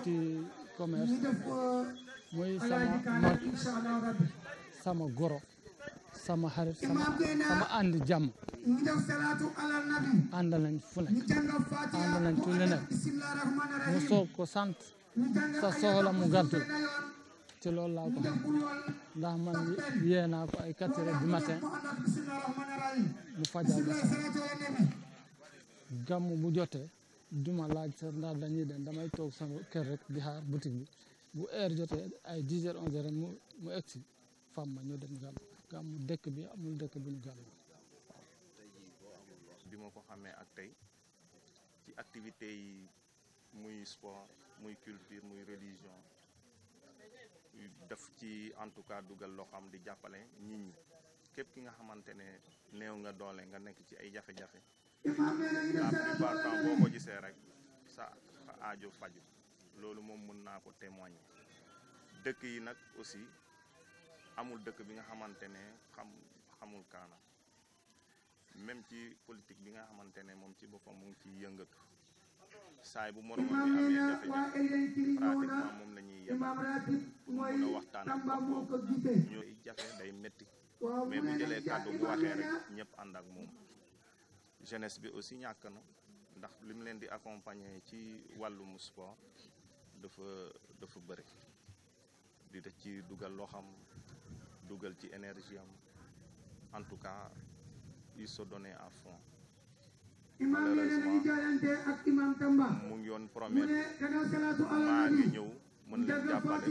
tuuti commerce sama goro sama xarit sama sama ànd jàmm ànd nañ fu ne ànd mu soog ko sant sa soxla mu gàddu ci loolu laa ko ndax man yee naa ay quatre heures matin mu fajal ba sax gàmm bu jotee duma laaj sax ndax dañuy dem damay toog sama kër rek di xaar boutique bi bu heure jotee ay dix heures onze heures mu mu egg si fam ma ñu dem gàmmu gàmmu dëkk bi amul dëkk bu ñu gàmmu bi ma ko xamee ak tey ci activité yi muy sport muy culture muy religion def ci en tout cas dugal loo xam di jàppale nit képp ki nga xamante ne néew nga doole nga nekk ci ay jafe-jafe plupart temps boo rek sa aajo faju loolu moom mën naa ko témoigner dëkk yi nag aussi amul dëkk bi nga xamante xam xamul kaana même ci politique bi nga xamante ne ci boppam mu ngi ciy yëngatu bu moroom bi amee jafe pratiquement day mais bu bu rek ñëpp ak jeunesse bi aussi ñak na ndax lim leen di accompagner ci walu sport dafa dafa bëri di def ci dugal lo xam dugal ci énergie am en tout cas il se donnait à fond imam yeneen jaayante ak imam Tamba mu ngi yoon promet maa ngi ñëw mën leen jàppale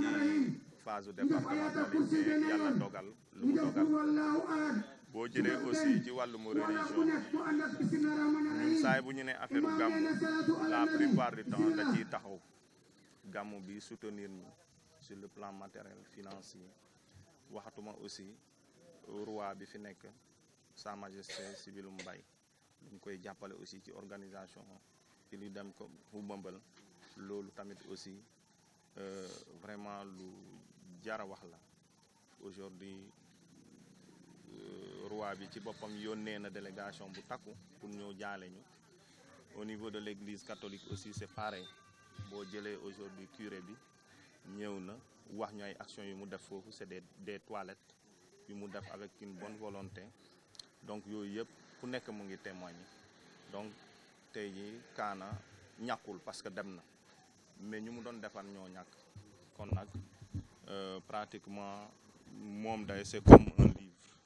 rahim phase dogal lu boo jëlee aussi ci wàllum religion saay bu ñu ne affaire gàmmu la plupart du temps da ciy taxaw gàmmu bi soutenir ñu sur le plan matériel financier waxatuma aussi roi bi fi nekk sa majesté Sibylle Mbaye luñ koy jàppale aussi ci organisation ci lu dem ko bu loolu tamit aussi euh, vraiment lu jara wax la aujourd'hui euh, roi bi ci bopam yónnee na délégation bu takku pour ñëw jaale ñu au niveau de l'église catholique aussi c'est pareil bo jélé aujourd'hui curé bi ñëw na wax ñu action actions yu mu def fofu c'est des des toilettes yu mu def avec une bonne volonté donc yoy yëpp ku nek mu ngi témoigner donc tay jii kana ñakul parce que demna mais ñu mu doon defar ñoo ñak kon euh, pratiquement day c'est comme un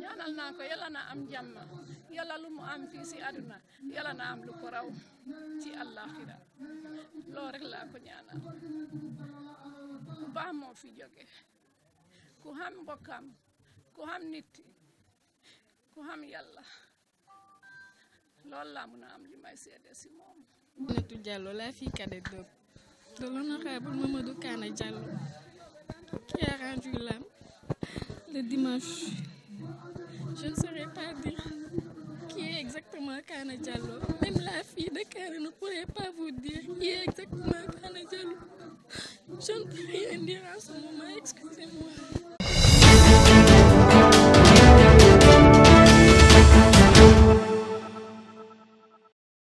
ñaanal naa ko yàlla na am jàmm yàlla lu mu am fii si àdduna yàlla na am lu ko raw ci àllaaxira loo rek laa ko ñaanal ku baax moo fi jóge ku xam mbokkam ku xam nit ku xam yàlla loolu laa mun a am li may seede si moom. Aminata Diallo laa fii Cadet Dóob de l'honorable Mamadou Kana Diallo qui rendu lam le dimanche. je ne saurais pas dire qui est exactement Kana Même la fille de Kana ne pourrait pas vous dire qui est exactement Kana Je ne peux rien dire à ce moment.